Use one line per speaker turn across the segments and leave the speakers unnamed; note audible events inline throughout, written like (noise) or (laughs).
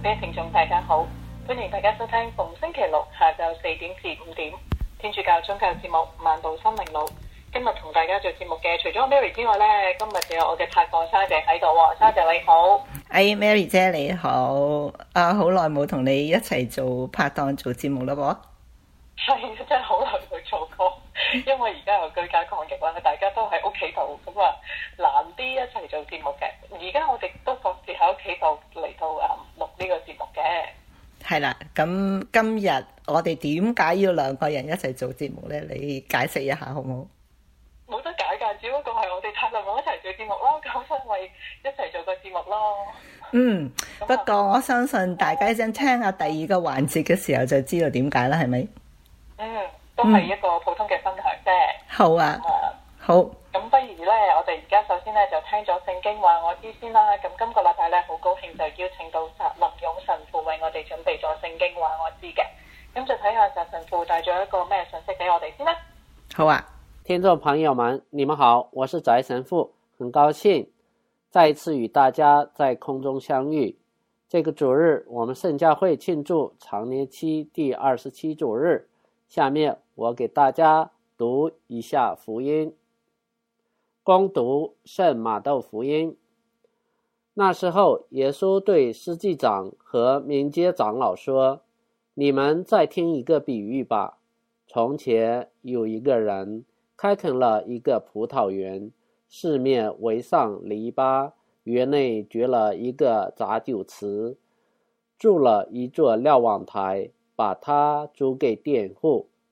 各位聽眾大家好，歡迎大家收聽逢星期六下晝四點至五點天主教宗教節目《漫步生命路》。今日同大家做節目嘅除咗 Mary 之外咧，今日仲有我嘅拍檔沙姐喺度，沙姐你好。
哎、hey，Mary 姐你好，啊好耐冇同你一齊做拍檔做節目啦
噃。係， (laughs) 真係好耐冇做過。 (laughs) 因為而家有居家抗疫啦，大家都喺屋企度，咁啊難啲一齊做節目嘅。而家我哋都各
自喺屋企度嚟到啊錄呢個節目嘅。係啦，咁今日我哋點解要兩個人一齊做節目咧？你解釋一下好唔好？冇得解噶，
只不過係我哋太
幸運一齊做節目啦，咁先為一齊做個節目咯。嗯， (laughs) 就是，不過我相信大家一陣聽下第二個環節嘅時候，就知道點解啦，係咪？嗯。嗯、都
係一個普通嘅分享啫。好啊，啊好。咁不如咧，我哋而家首先咧就聽咗聖經話我知先啦。咁今個禮拜咧好高興，就邀請到翟林勇神父為我哋準備咗聖經話我知嘅。咁就睇下翟神父帶咗一個咩信息俾我哋先
啦。好啊，聽眾朋友們，你們好，我是翟神父，很高興再一次與大家在空中相遇。這個主日，我們聖教會慶祝常年期第二十七主日，下面。我給大家讀一下福音，光讀《聖馬竇福音》。那時候，耶穌對司祭長和民間長老說：“你們再聽一個比喻吧。從前有一個人，開墾了一個葡萄園，四面圍上籬笆，園內掘了一個雜酒池，築了一座瞭望台，把它租給佃戶。”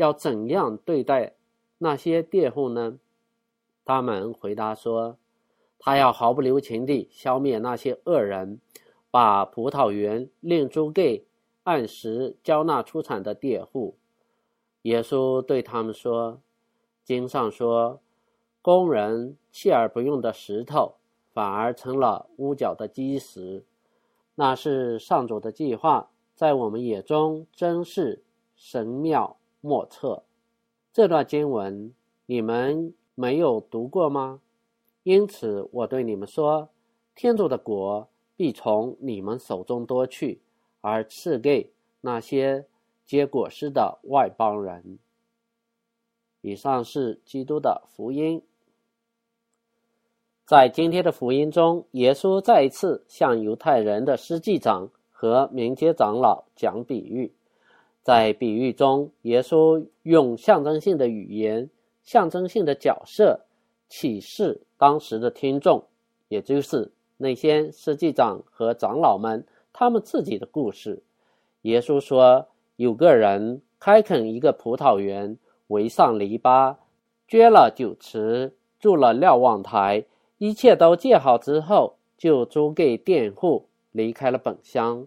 要怎樣對待那些佃戶呢？他們回答說：他要毫不留情地消滅那些惡人，把葡萄園另租給按時交納出產的佃戶。耶穌對他們說：經上說，工人棄而不用的石頭，反而成了屋角的基石。那是上主的計劃，在我們眼中真是神妙。莫測，這段經文你們沒有讀過嗎？因此我對你們說，天主的國必從你們手中奪去，而賜給那些結果實的外邦人。以上是基督的福音。在今天的福音中，耶穌再一次向猶太人的司祭長和民間長老講比喻。在比喻中，耶穌用象徵性的語言、象徵性的角色，啟示當時的聽眾，也就是那些司祭長和長老們他們自己的故事。耶穌說：有個人開墾一個葡萄園，圍上籬笆，掘了酒池，築了瞭望台，一切都建好之後，就租給佃戶，離開了本鄉。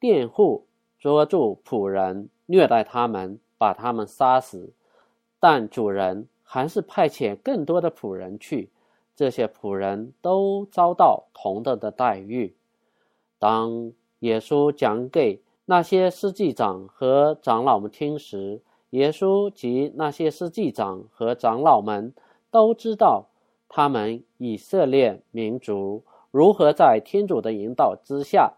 佃戶捉住僕人虐待他們，把他們殺死，但主人還是派遣更多的僕人去，這些僕人都遭到同等的待遇。當耶穌講給那些司祭長和長老們聽時，耶穌及那些司祭長和長老們都知道，他們以色列民族如何在天主的引導之下。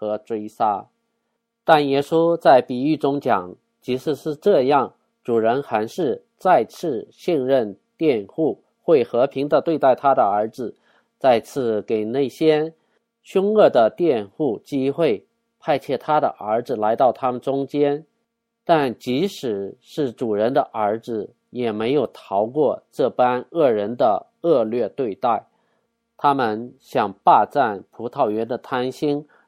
和追殺，但耶穌在比喻中講，即使是這樣，主人還是再次信任佃戶，會和平的對待他的兒子，再次給那些凶惡的佃戶機會，派遣他的兒子來到他們中間。但即使是主人的兒子，也沒有逃過這般惡人的惡劣對待。他們想霸佔葡萄園的貪心，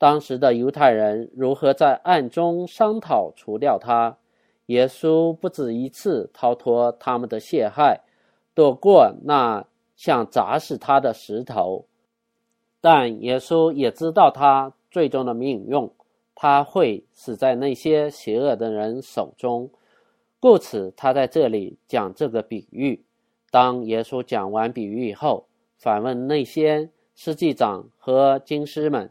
當時的猶太人如何在暗中商討除掉他？耶穌不止一次逃脱他們的陷害，躲過那像砸死他的石頭。但耶穌也知道他最終的命運，他會死在那些邪惡的人手中，故此他在這裏講這個比喻。當耶穌講完比喻以後，反問那些司祭長和經師們。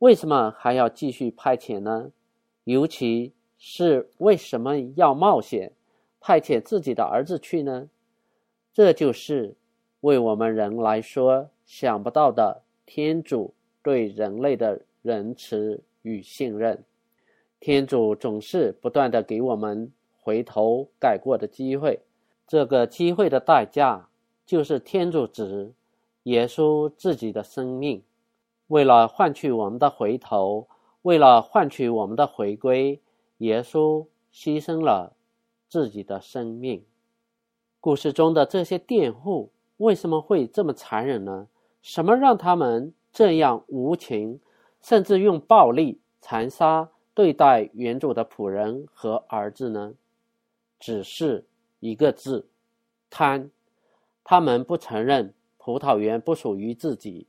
為什麼還要繼續派遣呢？尤其是為什麼要冒險派遣自己的兒子去呢？這就是為我們人來說想不到的天主對人類的仁慈與信任。天主總是不斷地給我們回頭改過的機會，這個機會的代價就是天主子耶穌自己的生命。為了換取我們的回頭，為了換取我們的回歸，耶穌犧牲了自己的生命。故事中的這些佃戶為什麼會這麼殘忍呢？什麼讓他們這樣無情，甚至用暴力殘殺對待園主的僕人和兒子呢？只是一個字，貪。他們不承認葡萄園不屬於自己。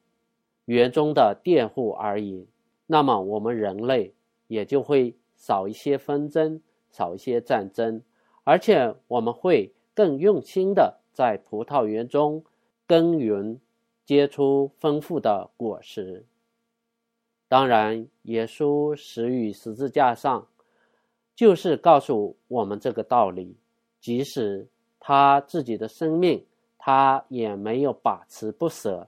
園中的佃戶而已，那麼我們人類也就會少一些紛爭，少一些戰爭，而且我們會更用心的在葡萄園中耕耘，結出豐富的果實。當然，耶穌死於十字架上，就是告訴我們這個道理，即使他自己的生命，他也沒有把持不捨。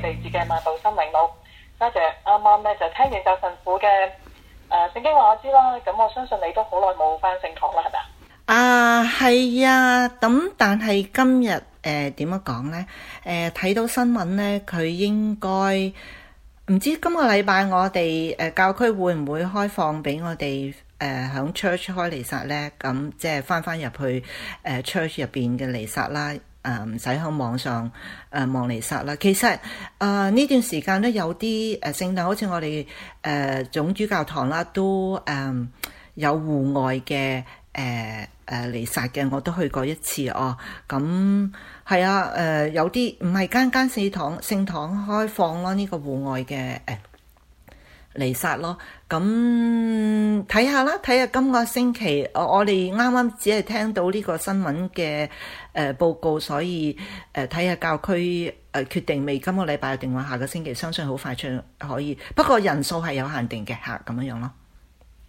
地址嘅萬
道森林路，多謝啱啱咧就聽完就神父嘅誒聖經話我知啦，咁我相信你都好耐冇返聖堂啦，係咪啊？係啊，咁但係今日誒點樣講咧？誒、呃、睇、呃、到新聞咧，佢應該唔知今個禮拜我哋誒教區會唔會開放俾我哋誒喺、呃、church 開彌撒咧？咁、嗯、即係返返入去誒、呃、church 入邊嘅彌撒啦。誒唔使喺網上誒望彌撒啦，其實誒呢、呃、段時間咧有啲誒聖堂，好似我哋誒、呃、總主教堂啦，都誒有戶外嘅誒誒彌撒嘅，我都去過一次哦。咁係啊，誒、呃、有啲唔係間間四堂聖堂開放咯，呢、呢個戶外嘅誒。哎彌撒咯！咁睇下啦，睇下今個星期，我我哋啱啱只係聽到呢個新聞嘅誒、呃、報告，所以誒睇下教區誒、呃、決定未？今個禮拜定話下個星期？相信好快就可以，不過人數係有限定嘅吓，咁樣樣咯。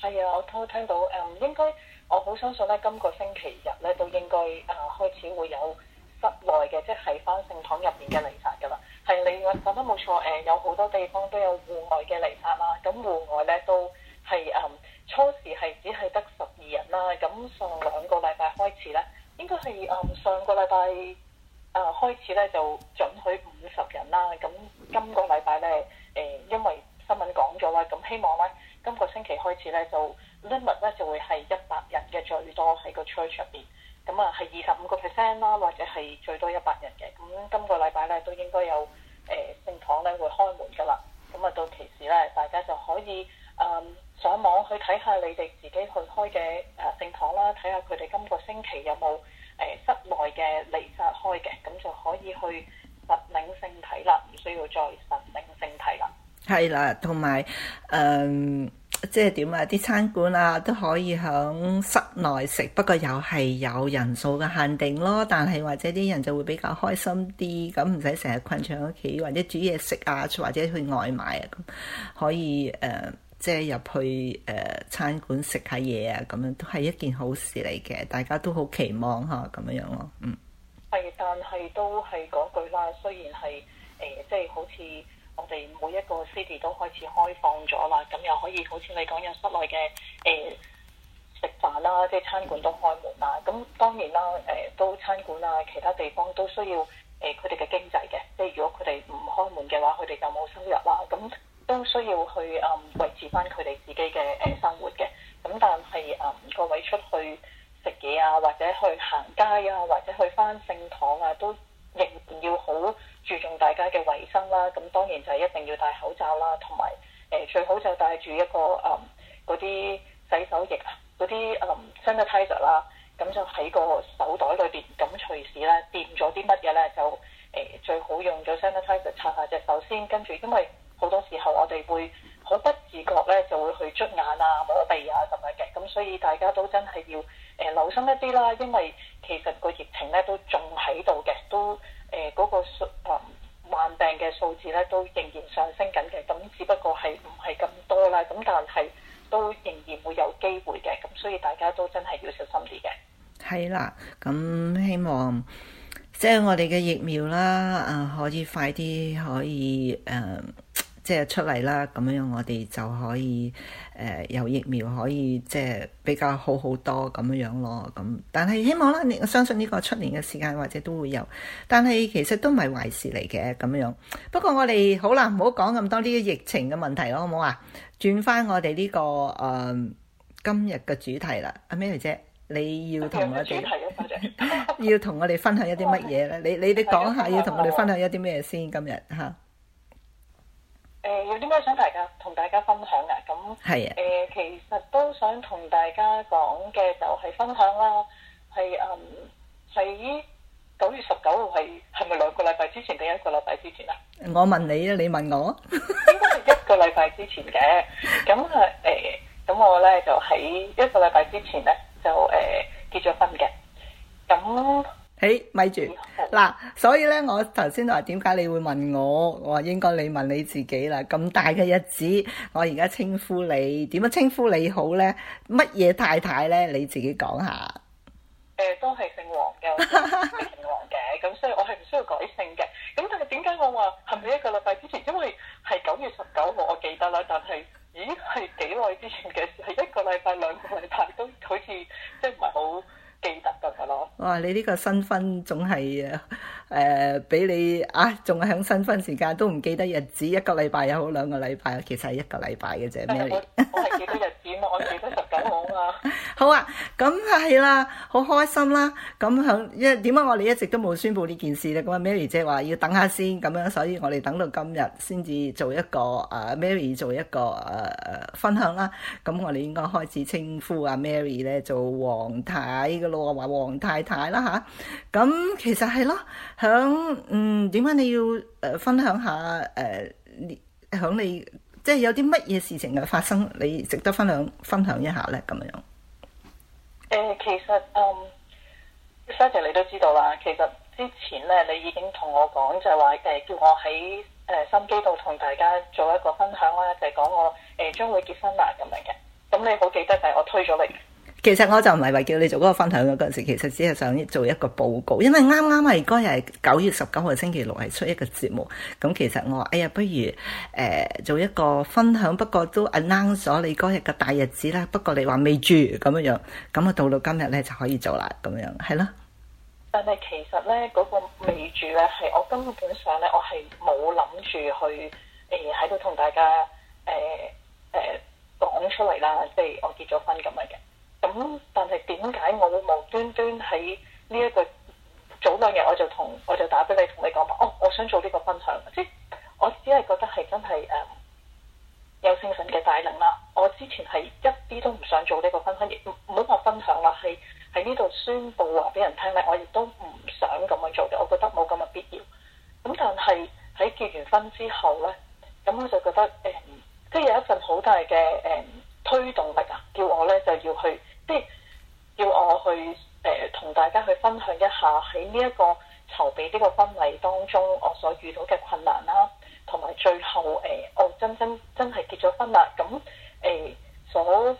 係啊，我都聽到誒、呃，
應該我好相信咧，今個星期日咧都應該啊開始會有室內嘅，即係喺翻聖堂入面嘅彌撒㗎喇。誒，你講得冇錯，誒、呃、有好多地方都有戶外嘅離合啦。咁戶外咧都係誒、嗯、初時係只係得十二人啦。咁上兩個禮拜開始咧，應該係誒、嗯、上個禮拜誒開始咧就準許五十人啦。咁今個禮拜咧誒，因為新聞講咗啦，咁希望咧今、這個星期開始咧就 limit 咧就會係一百人嘅最多喺個 church 入面。咁啊係二十五個 percent 啦，或者係最多一百人嘅。咁今個禮拜咧都應該有。咁啊，到期時咧，大家就可以誒、嗯、上網去睇下你哋自己去開嘅誒聖堂啦，睇下佢哋今個星期有冇誒、呃、室內嘅彌撒開嘅，咁就可以去實領聖體啦，唔需要再實領聖體
啦。係啦，同埋誒。嗯即係點啊？啲餐館啊都可以喺室內食，不過又係有人數嘅限定咯。但係或者啲人就會比較開心啲，咁唔使成日困住喺屋企，或者煮嘢食啊，或者去外賣啊，咁可以誒、呃，即係入去誒、呃、餐館食下嘢啊，咁樣都係一件好事嚟嘅，大家都好期望嚇、啊、咁樣樣、啊、咯。嗯，係，但係都係
講句啦，雖然係誒，即、呃、係、就是、好似。我哋每一個 city 都開始開放咗啦，咁又可以好似你講有室內嘅誒、欸、食飯啦，即係餐館都開門啦。咁當然啦，誒、欸、都餐館啊，其他地方都需要誒佢哋嘅經濟嘅。即係如果佢哋唔開門嘅話，佢哋就冇收入啦。咁都需要去誒、嗯、維持翻佢哋自己嘅誒、欸、生活嘅。咁但係誒各位出去食嘢啊，或者去行街啊，或者去翻聖堂啊，都仍然要好，注重大家嘅衞生啦，咁當然就係一定要戴口罩啦，同埋誒最好就帶住一個誒嗰啲洗手液啊，嗰啲誒 sanitizer 啦，咁就喺個手袋裏邊，咁隨時咧掂咗啲乜嘢咧就誒、呃、最好用咗 sanitizer 擦下隻手先，跟住因為好多時候我哋會好不自覺咧就會去捽眼啊、摸鼻啊咁樣嘅，咁所以大家都真係要誒、呃、留心一啲啦，因為其實個疫情咧都仲喺度嘅，都。誒嗰、呃那個數、呃、患病嘅數字咧都仍然上升緊嘅，咁只不過係唔係咁多啦，咁但係都仍然會有機會嘅，
咁所以大家都真係要小心啲嘅。係啦，咁希望即係、就是、我哋嘅疫苗啦，啊、呃、可以快啲可以誒。呃即係出嚟啦，咁樣樣我哋就可以誒、呃，有疫苗可以即係比較好好多咁樣樣咯。咁但係希望啦，我相信呢個出年嘅時間或者都會有。但係其實都唔係壞事嚟嘅，咁樣。不過我哋好啦，唔好講咁多呢啲疫情嘅問題咯，好唔好啊？轉翻我哋呢、這個誒、呃、今日嘅主題啦，阿 Mary 姐，你要同我哋、 (laughs) 啊、呃、 (laughs) 要同我哋分享一啲乜嘢咧？你你你講下 (laughs) 要同我哋分享一啲咩先今日吓？
誒、呃，有啲咩想大家同大家分享啊？咁，誒、啊呃，其實都想同大家講嘅就係分享啦，係啊，喺、嗯、九月十九號係係咪兩個禮拜之前定一個禮拜之前啊？
我問你啊，你問我，
(laughs) 應該係一個禮拜之前嘅。咁啊，誒、呃，咁我咧就喺一個禮拜之前咧就誒、呃、結咗婚嘅。
咁。誒，咪住嗱，所以咧，我頭先話點解你會問我？我話應該你問你自己啦。咁大嘅日子，我而家稱呼你點樣稱呼你好咧？乜嘢太太咧？你自己講下。
誒，都係姓黃嘅，姓黃嘅，咁所以我係唔需要改姓嘅。咁但係點解我話係咪一個禮拜之前？因為係九月十九號我記得啦。但係，已經係幾耐之前嘅？係一個禮拜、兩個禮拜都好似即
係唔係好。
記得㗎係咯，哇！你呢個新婚總係啊～誒，俾、呃、你啊，仲係響新婚時間都唔記得日子，一個禮拜又好兩個禮拜，其實係一個禮拜嘅啫 (laughs) ，Mary。我係記得日子，
我
係記得十九號啊嘛。好啊，咁係啦，好開心啦。咁響一點解我哋一直都冇宣布呢件事咧？咁啊，Mary 姐話要等下先咁樣，所以我哋等到今日先至做一個啊、uh,，Mary 做一個誒、uh, 分享啦。咁我哋應該開始稱呼阿、啊、Mary 咧做王太嘅咯啊，話王太太啦吓，咁其實係咯、啊。響嗯點解你要誒分享下誒，響你即係有啲乜嘢事情啊發生，你值得分享分享一下咧咁樣？
誒、嗯，其實嗯 s a s e 你都知道啦，其實之前咧你已經同我講，就係話誒，叫我喺誒心機度同大家做一個分享啦，就係講我誒將會結婚啦咁樣嘅。咁你好記得就係我推咗你。
其實我就唔係為叫你做嗰個分享嘅嗰陣時，其實只係想做一個報告，因為啱啱係嗰日九月十九號星期六係出一個節目，咁其實我話哎呀，不如誒、欸、做一個分享，不過都 announce 咗你嗰日嘅大日子啦。不過你話未住咁樣樣，咁啊到到今日咧就可以做啦，咁樣係咯。但係其實咧，嗰、那個未住咧係我根本上咧，我係冇諗住去誒喺
度同大家誒誒、呃呃、講出嚟啦，即、就、係、是、我結咗婚咁樣嘅。咁，但係點解我會無端端喺呢一個早兩日我就同我就打俾你同你講話，哦，我想做呢個分享。即、就、係、是、我只係覺得係真係誒、呃、有精神嘅帶領啦。我之前係一啲都唔想做呢個分享，亦唔好話分享啦，係喺呢度宣布話俾人聽咧，我亦都唔想咁樣做嘅。我覺得冇咁嘅必要。咁、嗯、但係喺結完婚之後咧，咁我就覺得誒，即、欸、係、就是、有一份好大嘅誒、欸、推動力啊，叫我咧就要去。即係要我去誒、呃，同大家去分享一下喺呢一個籌備呢個婚禮當中，我所遇到嘅困難啦，同埋最後誒，我、呃、真真真係結咗婚啦，咁、呃、誒所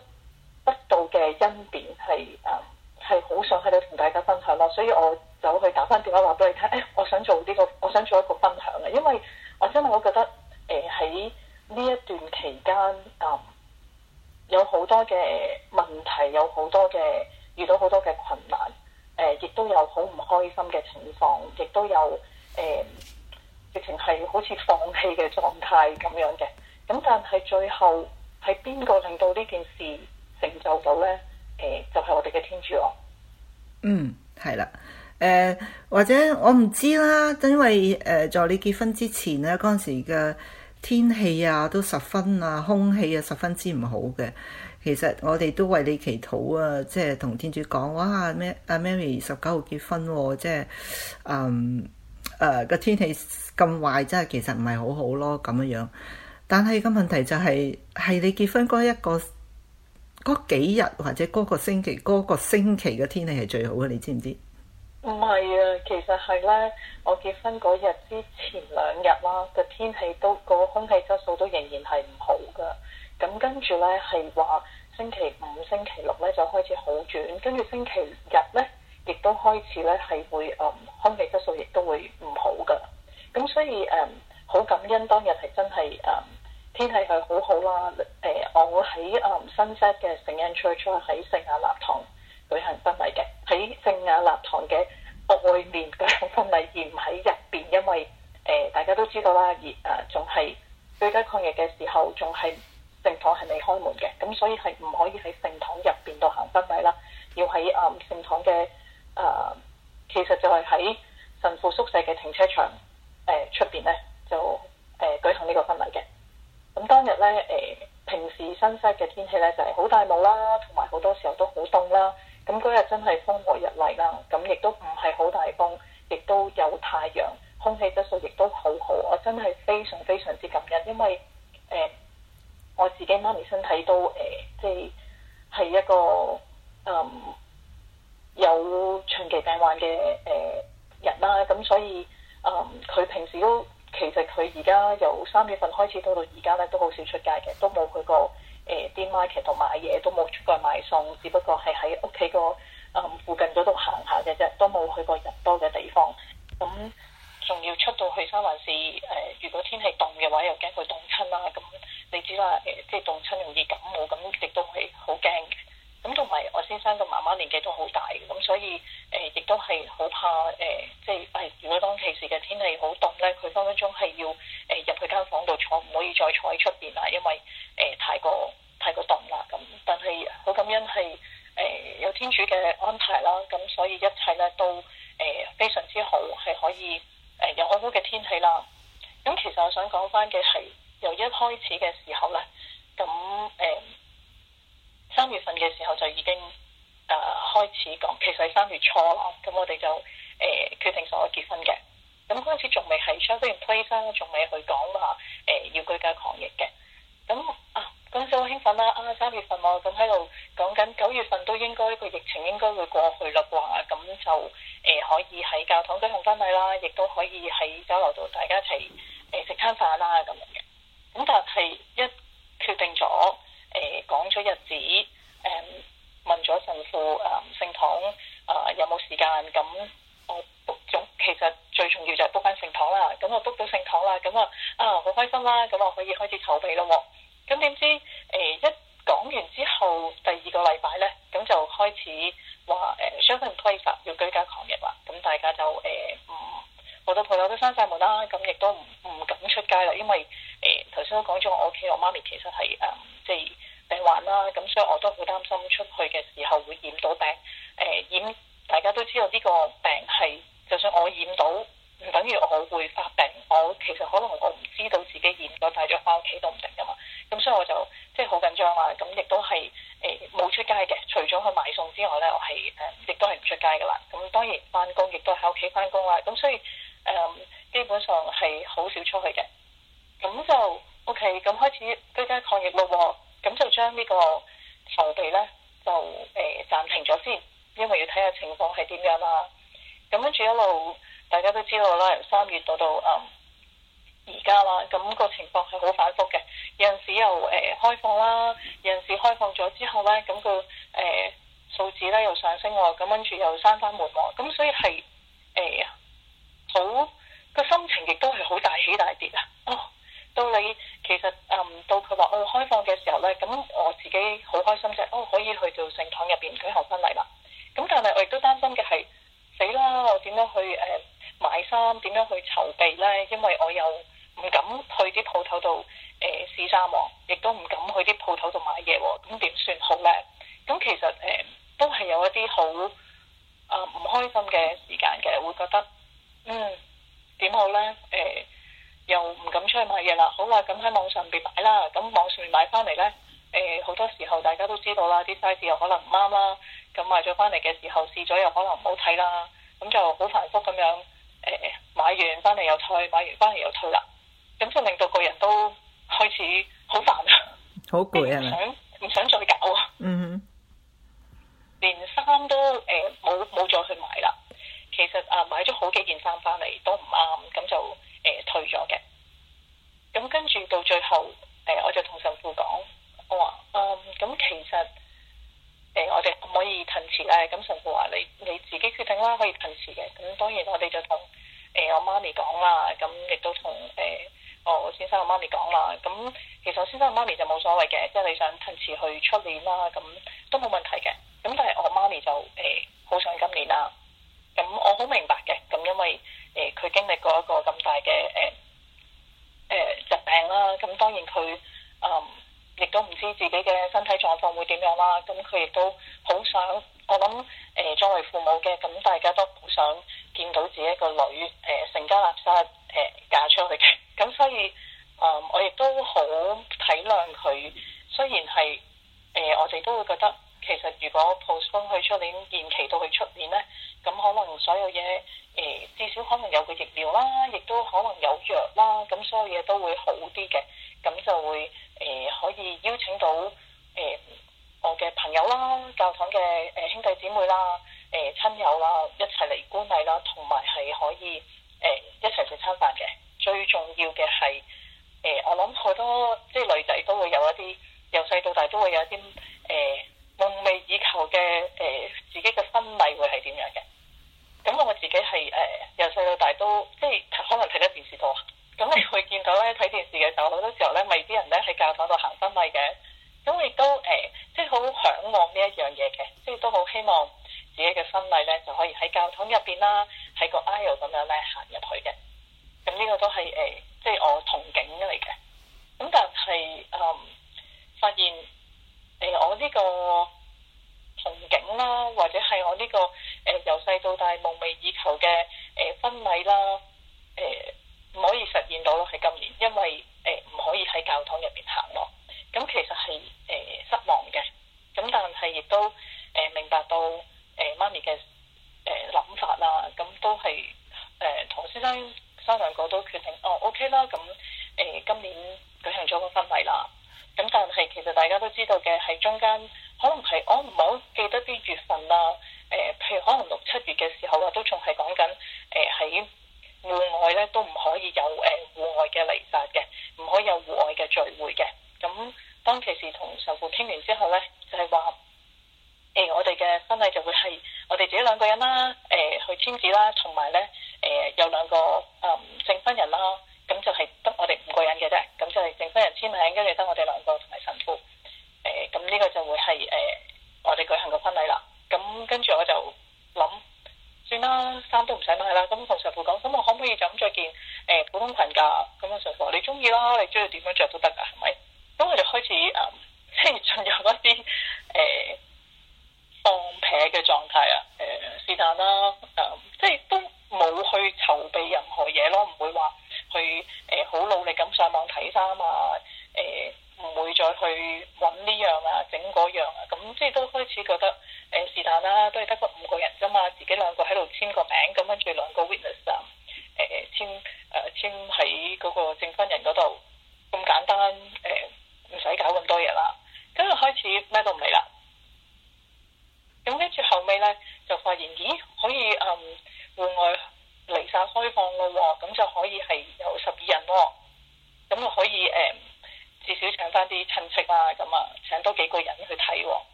得到嘅恩典係誒係好想喺度同大家分享咯，所以我就去打返電話話俾你聽。後
係邊個令到呢件事成就到咧？誒，就係我哋嘅天主哦。嗯，係啦。誒、呃，或者我唔知啦，因為誒，在、呃、你結婚之前咧，嗰陣時嘅天氣啊，都十分啊，空氣啊，十分之唔好嘅。其實我哋都為你祈禱啊，即係同天主講，哇咩阿、啊啊、Mary 十九號結婚、啊，即、就、係、是、嗯誒個、呃、天氣咁壞，真係其實唔係好好咯，咁樣樣。但係個問題就係、係，係你結婚嗰一個嗰幾日或者嗰個星期嗰、嗰個星期嘅天氣係最好嘅，你知唔知？
唔係啊，其實係咧，我結婚嗰日之前兩日啦、啊，嘅天氣都個空氣質素都仍然係唔好噶。咁跟住咧係話星期五、星期六咧就開始好轉，跟住星期日咧亦都開始咧係會誒、嗯、空氣質素亦都會唔好噶。咁所以誒好、嗯、感恩當日係真係誒。嗯天氣係好好啦。誒、呃，我喺啊、呃、新澤嘅 St. Andrew Church 喺聖亞納堂舉行婚禮嘅，喺聖亞納堂嘅外面舉行婚禮而唔喺入邊，因為誒、呃、大家都知道啦，而啊仲係最佳抗疫嘅時候，仲、呃、係聖堂係未開門嘅，咁所以係唔可以喺聖堂入邊度行婚禮，禮啦，要喺啊、呃、聖堂嘅啊、呃，其實就係喺神父宿舍嘅停車場誒出邊咧，就誒、呃、舉行呢個婚禮嘅。咁當日咧，誒、呃、平時新西嘅天氣咧就係、是、好大霧啦，同埋好多時候都好凍啦。咁嗰日真係風和日麗啦，咁亦都唔係好大風，亦都有太陽，空氣質素亦都好好。我真係非常非常之感恩，因為誒、呃、我自己媽咪身體都誒、呃，即係係一個嗯、呃、有長期病患嘅誒、呃、人啦、啊。咁所以嗯佢、呃、平時都。其實佢而家由三月份開始到到而家咧都好少出街嘅，都冇去過誒啲 market 度買嘢，都冇出街買餸，只不過係喺屋企個誒附近度行下嘅啫，都冇去過人多嘅地方。咁仲要出到去三環市，誒、呃，如果天氣凍嘅話，又驚佢凍親啦。咁你知啦、呃，即係凍親容易感冒，咁亦都係好驚咁同埋我先生嘅媽媽年紀都好大，咁所以誒亦、呃、都係好怕誒、呃，即係係如果當其時嘅天氣好凍咧，佢分分鐘係要誒入、呃、去間房度坐，唔可以再坐喺出邊啦，因為誒、呃、太過太過凍啦。咁但係好感恩係誒、呃、有天主嘅安排啦，咁所以一切咧都誒、呃、非常之好，係可以誒、呃、有好好嘅天氣啦。咁其實我想講翻嘅係由一開始嘅時候咧，咁誒。呃三月份嘅時候就已經誒、呃、開始講，其實係三月初啦。咁我哋就誒、呃、決定咗結婚嘅。咁嗰陣時仲未係，just in place 仲未去講話誒、呃、要居家抗疫嘅。咁啊嗰陣時好興奮啦！啊三月份我咁喺度講緊，九月份都應該個疫情應該會過去啦啩。咁就誒、呃、可以喺教堂舉行婚禮啦，亦、啊、都可以喺酒樓度大家一齊誒食餐飯啦咁、啊、樣嘅。咁但係一決定咗。誒、欸、講咗日子，誒、嗯、問咗神父啊，聖堂啊，有冇時間？咁、嗯、我 b 其實最重要就係 book 返聖堂啦。咁、嗯、我 book 到聖堂啦，咁、嗯、啊啊好開心啦。咁、嗯、我可以開始籌備咯。咁點知誒一講完之後，第二個禮拜咧，咁、嗯、就開始話誒雙方唔配要居家抗疫啦。咁、嗯、大家就誒唔好多朋友都閂晒門啦。咁、嗯、亦都唔唔敢出街啦，因為誒頭先都講咗，我屋企我媽咪其實係啊、嗯、即係。即即即即病患啦，咁所以我都好擔心出去嘅時候會染到病。誒、呃、染，大家都知道呢個病係，就算我染到，唔等於我會發病。我其實可能我唔知道自己染咗，帶咗翻屋企都唔定噶嘛。咁所以我就即係好緊張啦。咁亦都係誒冇出街嘅，除咗去買餸之外咧，我係誒亦都係唔出街噶啦。咁當然翻工亦都喺屋企翻工啦。咁所以誒、呃、基本上係好少出去嘅。咁就 OK，咁開始居家抗疫咯喎。咁就將呢個受地呢，就誒、呃、暫停咗先，因為要睇下情況係點樣啦。咁跟住一路大家都知道啦，由三月到到誒而家啦，咁、呃個情況係好反覆嘅，有陣時又誒、呃、開放啦，有陣時開放咗之後呢，咁、個誒、呃、數字呢又上升喎，咁跟住又閂返門喎，咁所以係誒、呃、好個心情亦都係好大起大跌啊！哦。到你其實誒、嗯，到佢話我開放嘅時候咧，咁我自己好開心啫，哦，可以去到聖堂入邊舉行婚禮啦。咁但係我亦都擔心嘅係，死啦！我點樣去誒、呃、買衫？點樣去籌備咧？因為我又唔敢去啲鋪頭度誒試衫喎，亦都唔敢去啲鋪頭度買嘢喎。咁、哦、點、嗯、算好咧？咁其實誒、呃，都係有一啲好誒唔開心嘅時間嘅，會覺得嗯點好咧？誒、呃。又唔敢出去買嘢啦，好啦，咁喺網上邊買啦，咁網上面買翻嚟呢，誒、呃，好多時候大家都知道啦，啲 size 又可能唔啱啦，咁買咗翻嚟嘅時候試咗又可能唔好睇啦，咁就好繁複咁樣，誒、呃，買完翻嚟又退，買完翻嚟又退啦，咁就令到個人都開始好煩啊，
好攰啊，唔
(laughs) 想唔想再搞啊，嗯、mm，hmm. 連衫都冇冇、呃、再去買啦，其實啊買咗好幾件衫翻嚟都唔啱，咁就。誒退咗嘅，咁跟住到最後，誒我就同神父講，我話誒咁其實誒、呃、我哋可唔可以騰遲咧？咁神父話你你自己決定啦，可以騰遲嘅。咁當然我哋就同誒我媽咪講啦，咁亦都同誒我先生嘅媽咪講啦。咁其實我先生嘅媽咪就冇所謂嘅，即係你想騰遲去出年啦，咁都冇問題嘅。咁但係我媽咪就誒好想今年啦。咁我好明白嘅，咁因為。誒佢、呃、經歷過一個咁大嘅誒誒疾病啦，咁當然佢誒、呃、亦都唔知自己嘅身體狀況會點樣啦，咁佢亦都好想，我諗誒、呃、作為父母嘅，咁大家都好想見到自己一個女誒、呃、成家立室誒嫁出去嘅，咁所以誒、呃、我亦都好體諒佢，雖然係誒、呃、我哋都會覺得。其實，如果 postpone 去出年延期到去出年咧，咁可能所有嘢，誒、呃、至少可能有個疫苗啦，亦都可能有藥啦，咁所有嘢都會好啲嘅，咁就會誒、呃、可以邀請到誒、呃、我嘅朋友啦、教堂嘅誒、呃、兄弟姊妹啦、誒、呃、親友啦一齊嚟觀禮啦，同埋係可以誒、呃、一齊食餐飯嘅。最重要嘅係誒，我諗好多即係女仔都會有一啲，由細到大都會有一啲誒、呃夢寐以求嘅誒、呃，自己嘅婚禮會係點樣嘅？咁我自己係誒，由、呃、細到大都即係可能睇得電視多，咁你會見到咧睇電視嘅時候，好多時候咧咪啲人咧喺教堂度行婚禮嘅，咁我亦都誒、呃，即係好向往呢一樣嘢嘅，即係都好希望自己嘅婚禮咧就可以喺教堂入邊啦，喺個 aisle 咁樣咧行入去嘅。咁呢個都係誒、呃，即係我嘅憧憬嚟嘅。咁但係誒、呃，發現。誒、呃、我呢個憧憬啦，或者係我呢、這個誒、呃、由細到大夢寐以求嘅誒婚禮啦，誒、呃、唔、呃、可以實現到咯喺今年，因為誒唔、呃、可以喺教堂入面行咯。咁、嗯、其實係誒、呃、失望嘅。咁但係亦都誒、呃、明白到誒媽、呃、咪嘅誒諗法啦。咁、嗯、都係誒、呃、唐先生商量過都決定哦 OK 啦。咁、嗯、誒、呃、今年舉行咗個婚禮啦。咁但係其實大家都知道嘅，喺中間可能係我唔係好記得啲月份啦、啊。誒、呃，譬如可能六七月嘅時候啊，都仲係講緊誒喺戶外咧都唔可以有誒戶外嘅離散嘅，唔可以有戶外嘅聚會嘅。咁、嗯、當其時同神父傾完之後咧，就係話誒，我哋嘅婚禮就會係我哋自己兩個人啦、啊，誒、呃、去簽字啦、啊，同埋咧誒有兩、呃、個誒證、呃、婚人啦、啊。咁就係得我哋五個人嘅啫，咁就係證婚人簽名，跟住得我哋兩個同埋神父。誒、呃，咁呢個就會係誒、呃、我哋舉行個婚禮啦。咁跟住我就諗，算啦，衫都唔使買啦。咁同神父講，咁、嗯、我可唔可以就咁著件誒普通裙㗎？咁樣神父話：你中意啦，你中意點樣着都得㗎，係咪？咁、嗯、我就開始誒、呃、進入一啲誒、呃、放撇嘅狀態啊。誒是但啦，誒、呃、即係都冇去籌備任何嘢咯，唔會話，去誒好、呃、努力咁上網睇衫啊！誒、呃、唔會再去揾呢樣啊，整嗰樣啊，咁即係都開始覺得誒是但啦，都係得嗰五個人啫嘛，自己兩個喺度簽個名，咁跟住兩個 Witness 誒、啊呃、簽誒、呃、簽喺嗰個證婚人。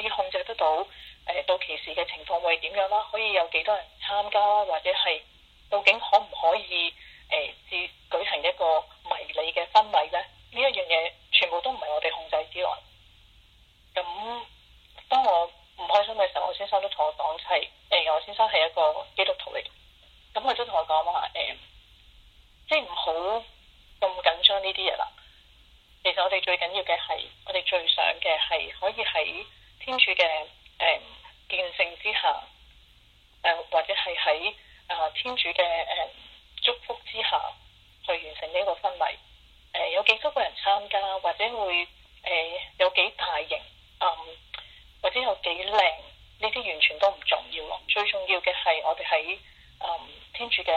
可以控制得到，誒到期時嘅情況會點樣啦？可以有幾多人參加，或者係究竟可唔可以誒至、呃、舉行一個迷你嘅婚禮咧？呢一樣嘢全部都唔係我哋控制之內。咁當我唔開心嘅時候，我先生都同我講就係誒我先生係一個基督徒嚟，咁佢都同我講話誒，即係唔好咁緊張呢啲嘢啦。其實我哋最緊要嘅係，我哋最想嘅係可以喺天主嘅誒見證之下，誒、呃、或者係喺誒天主嘅誒、呃、祝福之下，去完成呢個婚禮。誒、呃、有幾多個人參加，或者會誒、呃、有幾大型，嗯、呃、或者有幾靚，呢啲完全都唔重要咯。最重要嘅係我哋喺誒天主嘅誒、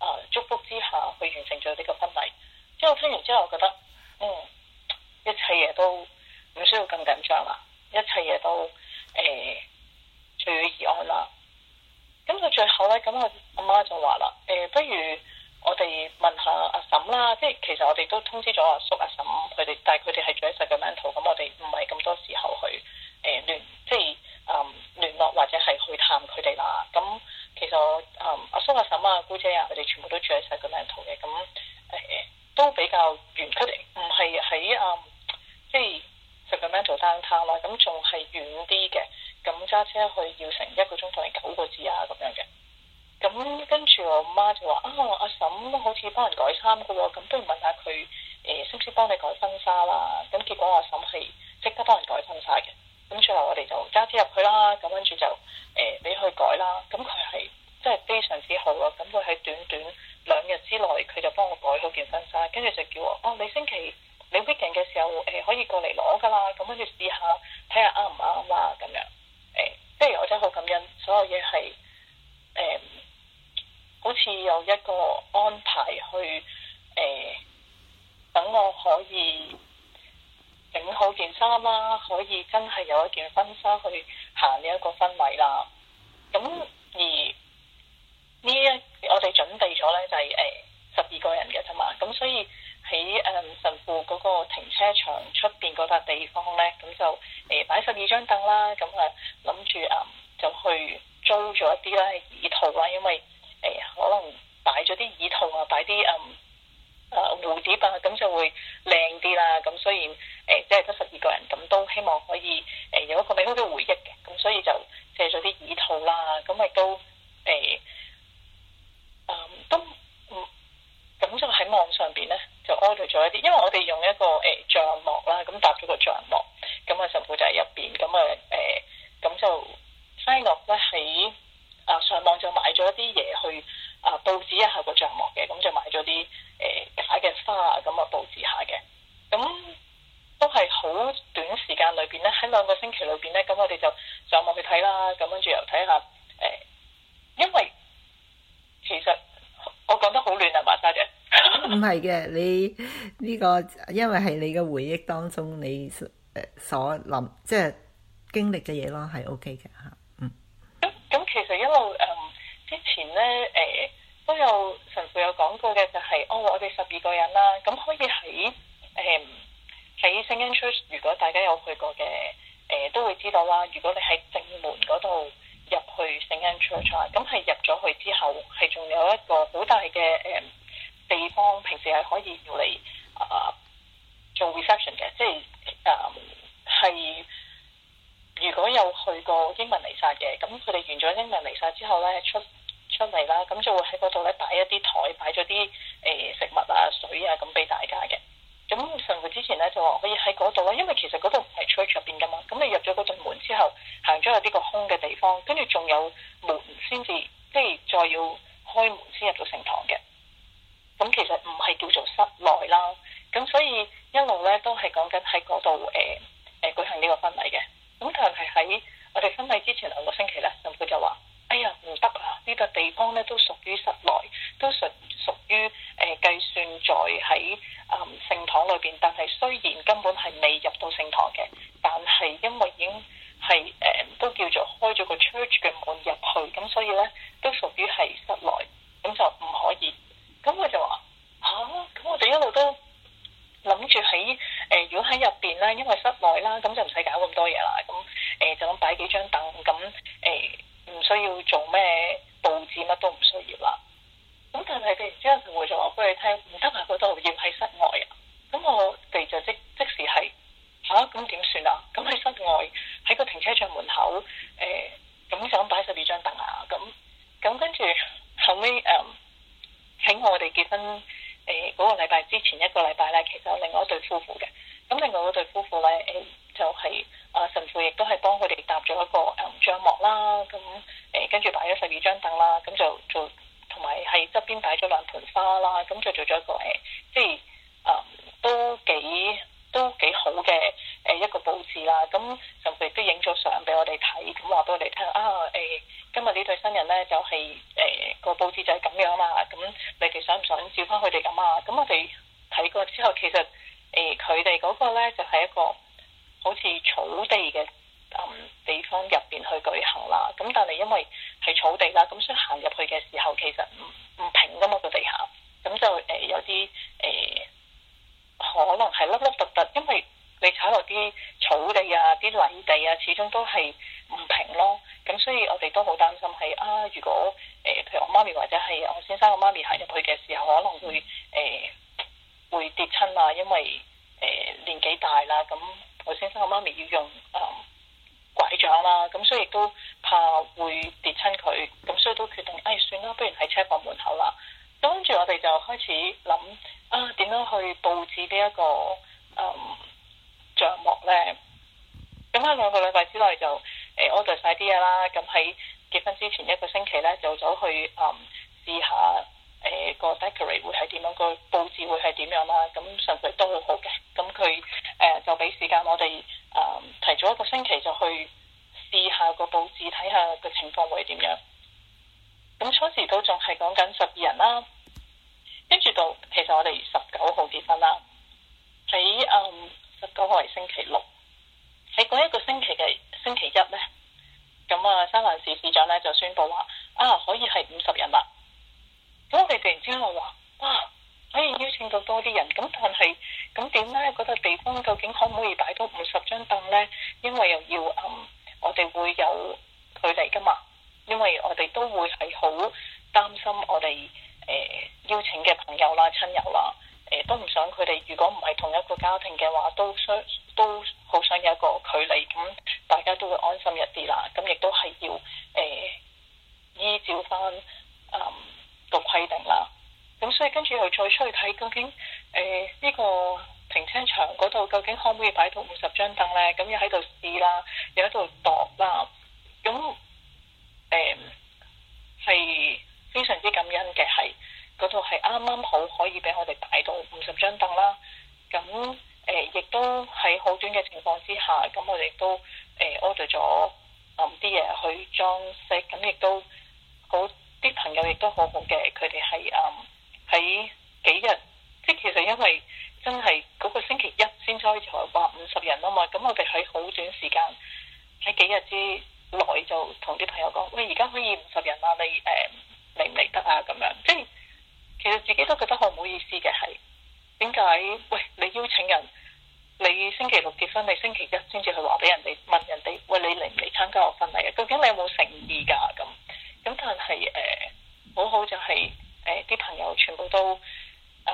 呃、祝福之下去完成咗呢個婚禮。即係我聽完之後，我覺得嗯一切嘢都唔需要咁緊張啦、啊。一切嘢都誒除咗意外啦。咁、欸、到最，最後咧，咁我阿媽就話啦：誒、欸，不如我哋問下阿嬸啦。即係其實我哋都通知咗阿叔、阿嬸佢哋，但係佢哋係住喺世紀名度，咁我哋唔係咁多時候去誒、欸、聯，即係嗯聯絡或者係去探佢哋啦。咁、嗯、其實我嗯阿叔、阿嬸啊、姑姐啊，佢哋全部都住喺世紀名度嘅，咁誒、欸、都比較遠距離，唔係喺啊即係。咁樣做單攤啦，咁仲係遠啲嘅，咁揸車去要成一個鐘頭定九個字啊咁樣嘅。咁跟住我媽就話：啊、哦，阿嬸好似幫人改衫㗎喎，咁、啊、不如問下佢誒，識唔識幫你改婚紗啦？咁結果阿嬸係即刻幫人改婚紗嘅。咁最後我哋就揸車入去啦，咁、啊、跟住就誒、呃、畀佢改啦。咁佢係真係非常之好啊！咁佢喺短短兩日之內，佢就幫我改咗件婚紗，跟住就叫我：哦，你星期。你 weekend 嘅時候誒、呃、可以過嚟攞噶啦，咁跟住試下睇下啱唔啱啦，咁、啊、樣誒，即、呃、係我真係好感恩，所有嘢係誒，好似有一個安排去誒，等、呃、我可以整好件衫啦，可以真係有一件婚紗去行呢一個婚禮啦。咁、呃、而呢一我哋準備咗咧就係誒十二個人嘅啫嘛，咁、呃、所以。喺誒、嗯、神父嗰個停車場出邊嗰笪地方咧，咁就誒、呃、擺十二張凳啦，咁啊諗住啊就去租咗一啲咧椅套啦，因為誒、呃、可能擺咗啲椅套啊，擺啲誒誒蝴蝶啊，咁就會靚啲啦。咁雖然誒即係得十二個人，咁、啊、都希望可以誒、呃、有一個美好嘅回憶嘅，咁、啊、所以就借咗啲椅套啦，咁亦都誒誒都。呃嗯都咁就喺網上邊咧，就 order 咗一啲，因為我哋用一個誒、欸、帳幕啦，咁搭咗個帳幕，咁、欸、啊神父就喺入邊，咁啊誒，咁就 final 咧喺啊上網就買咗一啲嘢去啊佈置一下個帳幕嘅，咁就買咗啲誒假嘅花啊，咁啊佈置下嘅，咁都係好短時間裏邊咧，喺兩個星期裏邊咧，咁我哋就上網去睇啦，咁跟住又睇下誒、欸，因為其實。我
講得好亂啊，馬生姐。唔係嘅，你呢、這個因為係你嘅回憶當中你所，你誒所諗即係經歷嘅嘢咯，係 OK 嘅吓。嗯。
咁咁其實一路誒之前咧誒、呃、都有神父有講過嘅就係、是、哦，我哋十二個人啦，咁可以喺誒喺聖恩處，如果大家有去過嘅誒、呃、都會知道啦。如果你喺正門度入去聖恩處咁，係入咗去之後係仲有一個好大。咁甚至都影咗相俾我哋睇，咁話俾我哋聽啊誒、哎、今日呢對新人咧就係、是、誒、哎那個布置就係咁樣啊嘛，咁你哋想唔想照翻佢哋咁啊？咁、嗯、啊～、嗯嚟誒邀請嘅朋友啦、親友啦，誒、欸、都唔想佢哋如果唔係同一個家庭嘅話，都相都好想有一個距離，咁大家都會安心一啲啦。咁亦都係要誒、欸、依照翻誒個規定啦。咁所以跟住又再出去睇究竟誒呢、欸這個停車場嗰度究竟可唔可以擺到五十張凳咧？咁又喺度試啦，又喺度度啦，咁誒係。欸非常之感恩嘅係嗰度係啱啱好可以俾我哋擺到五十張凳啦。咁誒，亦、呃、都喺好短嘅情況之下，咁我哋都誒 order 咗啲嘢去裝飾。咁亦都啲朋友亦都好好嘅，佢哋係誒喺幾日，即其實因為真係嗰個星期一先開台，話五十人啊嘛。咁我哋喺好短時間喺幾日之內就同啲朋友講：喂，而家可以五十人啦！你誒。嗯嚟唔嚟得啊？咁樣即係其實自己都覺得好唔好意思嘅，係點解？喂，你邀請人，你星期六結婚，你星期一先至去話俾人哋，問人哋喂，你嚟唔嚟參加我婚禮啊？究竟你有冇誠意㗎？咁咁，但係誒、呃、好好就係誒啲朋友全部都嗯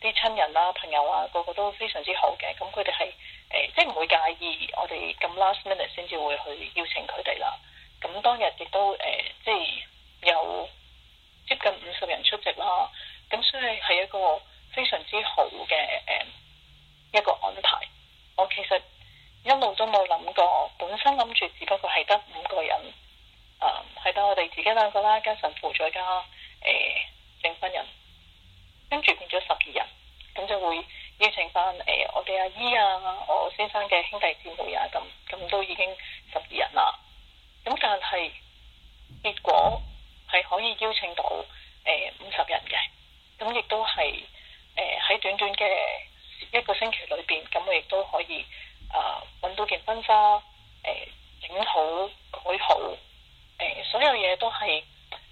啲親人啦、啊、朋友啊，個個都非常之好嘅。咁佢哋係誒即係唔會介意我哋咁 last minute 先至會去邀請佢哋啦。咁、嗯、當日亦都誒、呃、即係有。接近五十人出席啦，咁所以係一個非常之好嘅誒、呃、一個安排。我其實一路都冇諗過，本身諗住只不過係得五個人，誒係得我哋自己兩個啦，加上神父再加誒證婚人，跟住變咗十二人，咁就會邀請翻誒、呃、我哋阿姨啊，我先生嘅兄弟姊妹啊，咁咁都已經十二人啦。咁但係結果，係可以邀請到誒五十人嘅，咁亦都係誒喺短短嘅一個星期裏邊，咁我亦都可以誒揾、呃、到件婚紗誒整好改好誒、呃、所有嘢都係誒、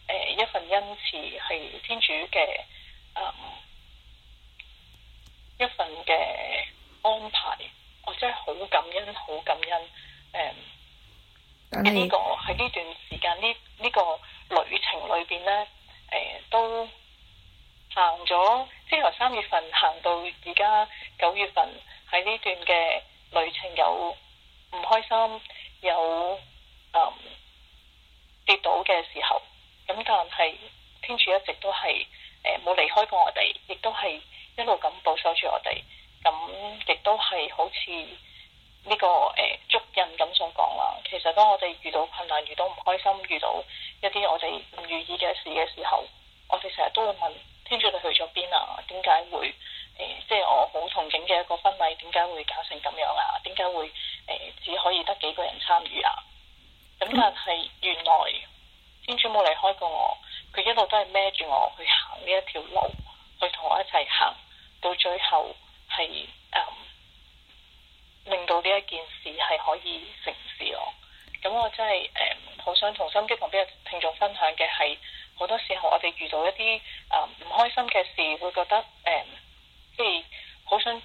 呃、一份恩賜係天主嘅啊、呃、一份嘅安排，我真係好感恩，好感恩誒
呢、呃是呢個喺
呢段時間呢呢、呢個。旅程裏邊咧，誒、欸、都行咗，即係由三月份行到而家九月份，喺呢段嘅旅程有唔開心，有誒、嗯、跌倒嘅時候，咁、嗯、但係天主一直都係誒冇離開過我哋，亦都係一路咁保守住我哋，咁、嗯、亦都係好似。呢、這個誒足、呃、印咁所講啦，其實當我哋遇到困難、遇到唔開心、遇到一啲我哋唔如意嘅事嘅時候，我哋成日都會問天主你去咗邊啊？點解會誒、呃、即係我好憧憬嘅一個婚禮，點解會搞成咁樣啊？點解會誒、呃、只可以得幾個人參與啊？咁、嗯、但係原來天主冇離開過我，佢一路都係孭住我去行呢一條路，去同我一齊行到最後係誒。嗯令到呢一件事係可以成事咯，咁我真係誒好想同心機旁邊嘅聽眾分享嘅係，好多時候我哋遇到一啲啊唔開心嘅事，會覺得誒，即係好想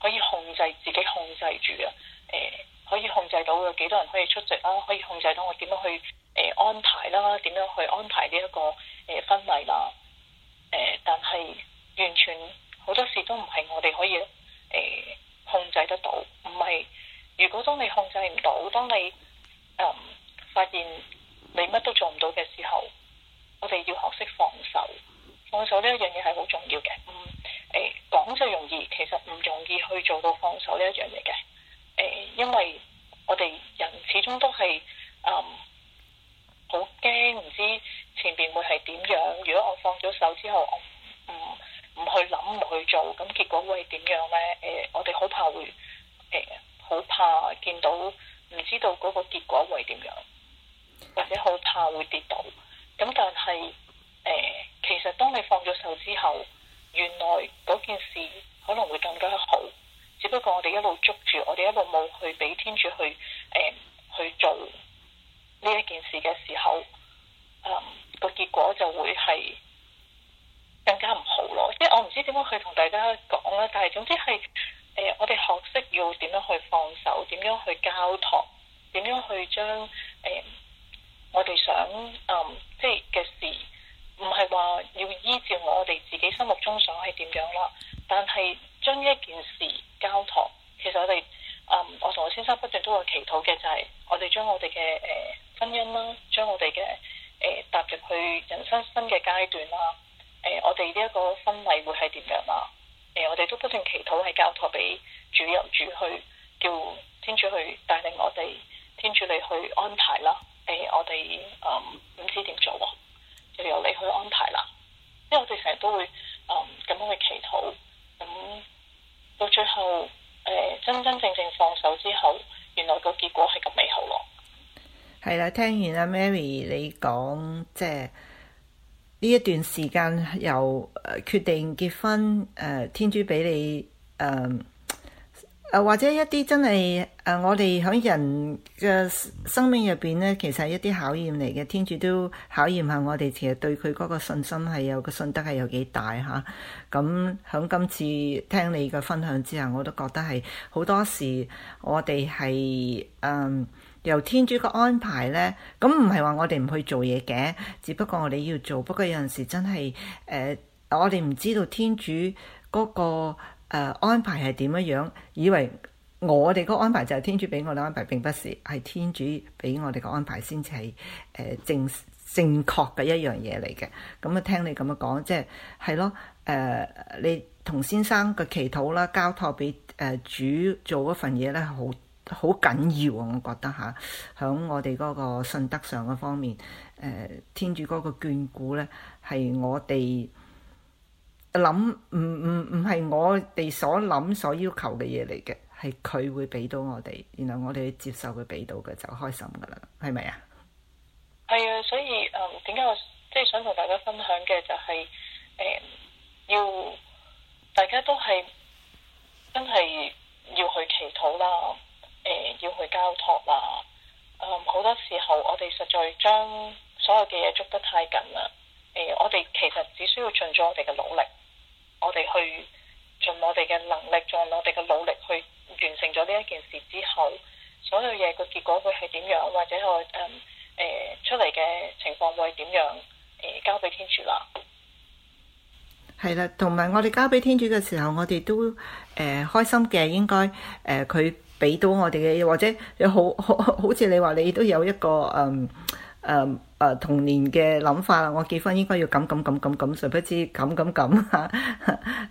可以控制自己控制住啊，誒、嗯、可以控制到有幾多人可以出席啦，可以控制到我點樣去誒、嗯、安排啦，點樣去安排呢、這、一個誒氛圍啦，誒、嗯嗯、但係完全好多事都唔係我哋可以控制得到，唔係。如果當你控制唔到，當你誒、嗯、發現你乜都做唔到嘅時候，我哋要學識放手，放手呢一樣嘢係好重要嘅。唔誒講就容易，其實唔容易去做到放手呢一樣嘢嘅。誒、欸，因為我哋人始終都係誒好驚，唔、嗯、知前邊會係點樣。如果我放咗手之後，我唔。嗯唔去諗，唔去做，咁結果會點樣呢？誒、呃，我哋好怕會誒，好、呃、怕見到唔知道嗰個結果會點樣，或者好怕會跌倒。咁但係誒、呃，其實當你放咗手之後，原來嗰件事可能會更加好。只不過我哋一路捉住，我哋一路冇去俾天主去誒、呃、去做呢一件事嘅時候，誒、呃、個結果就會係更加唔好咯，即係我唔知點樣去同大家講咧，但係總之係誒、呃，我哋學識要點樣去放手，點樣去交託，點樣去將誒、呃、我哋想誒、呃、即係嘅事，唔係話要依照我哋自己心目中想係點樣啦，但係將呢一件事交託，其實我哋誒、呃、我同我先生不斷都有祈禱嘅，就係我哋將我哋嘅誒婚姻啦，將我哋嘅誒踏入去人生新嘅階段啦。呃誒、欸，我哋呢一個婚禮會係點樣啊？誒、欸，我哋都不斷祈禱，係交託俾主由主去，叫天主去帶領我哋，天主你去安排啦。誒、欸，我哋誒唔知點做、啊，就由你去安排啦。因為我哋成日都會誒咁、嗯、樣去祈禱，咁、嗯、到最後誒、欸、真真正正放手之後，原來個結果係咁美好
咯。係啦，聽完阿 Mary 你講，即係。呢一段時間又決定結婚，誒、呃、天主俾你，誒、呃、誒或者一啲真係誒、呃、我哋喺人嘅生命入邊咧，其實係一啲考驗嚟嘅，天主都考驗下我哋，其實對佢嗰個信心係有個信德係有幾大嚇？咁喺今次聽你嘅分享之下，我都覺得係好多時我哋係嗯。呃由天主個安排咧，咁唔係話我哋唔去做嘢嘅，只不過我哋要做。不過有陣時真係誒、呃，我哋唔知道天主嗰、那個、呃、安排係點樣樣，以為我哋個安排就係天主俾我哋安排，並不是係天主俾我哋個安排先至係誒正正確嘅一樣嘢嚟嘅。咁、嗯、啊，聽你咁樣講，即係係咯，誒、呃、你同先生嘅祈禱啦，交託俾誒主做份嘢咧，好。好緊要啊！我覺得嚇，喺、啊、我哋嗰個信德上嘅方面，誒、呃、天主嗰個眷顧咧，係我哋諗唔唔唔係我哋所諗所要求嘅嘢嚟嘅，係佢會俾到我哋，然後我哋去接受佢俾到嘅就開心噶啦，係咪啊？係啊、嗯，所以誒點解我即係、就是、想
同大家分享嘅就係、是、誒、嗯、要大家都係真係要去祈禱啦。誒，要去交託啦，啊，誒、嗯，好多時候我哋實在將所有嘅嘢捉得太緊啦。誒、嗯，我哋其實只需要盡咗我哋嘅努力，我哋去盡我哋嘅能力，盡我哋嘅努力去完成咗呢一件事之後，所有嘢嘅結果會係點樣，或者我誒誒出嚟嘅情況會點樣？誒、呃，交俾天
主啦。係啦，同埋我哋交俾天主嘅時候，我哋都誒、呃、開心嘅，應該誒佢。呃俾到我哋嘅，或者有好好好似你話，你都有一個嗯誒誒、嗯嗯、童年嘅諗法啦。我結婚應該要咁咁咁咁咁，誰不知咁咁咁吓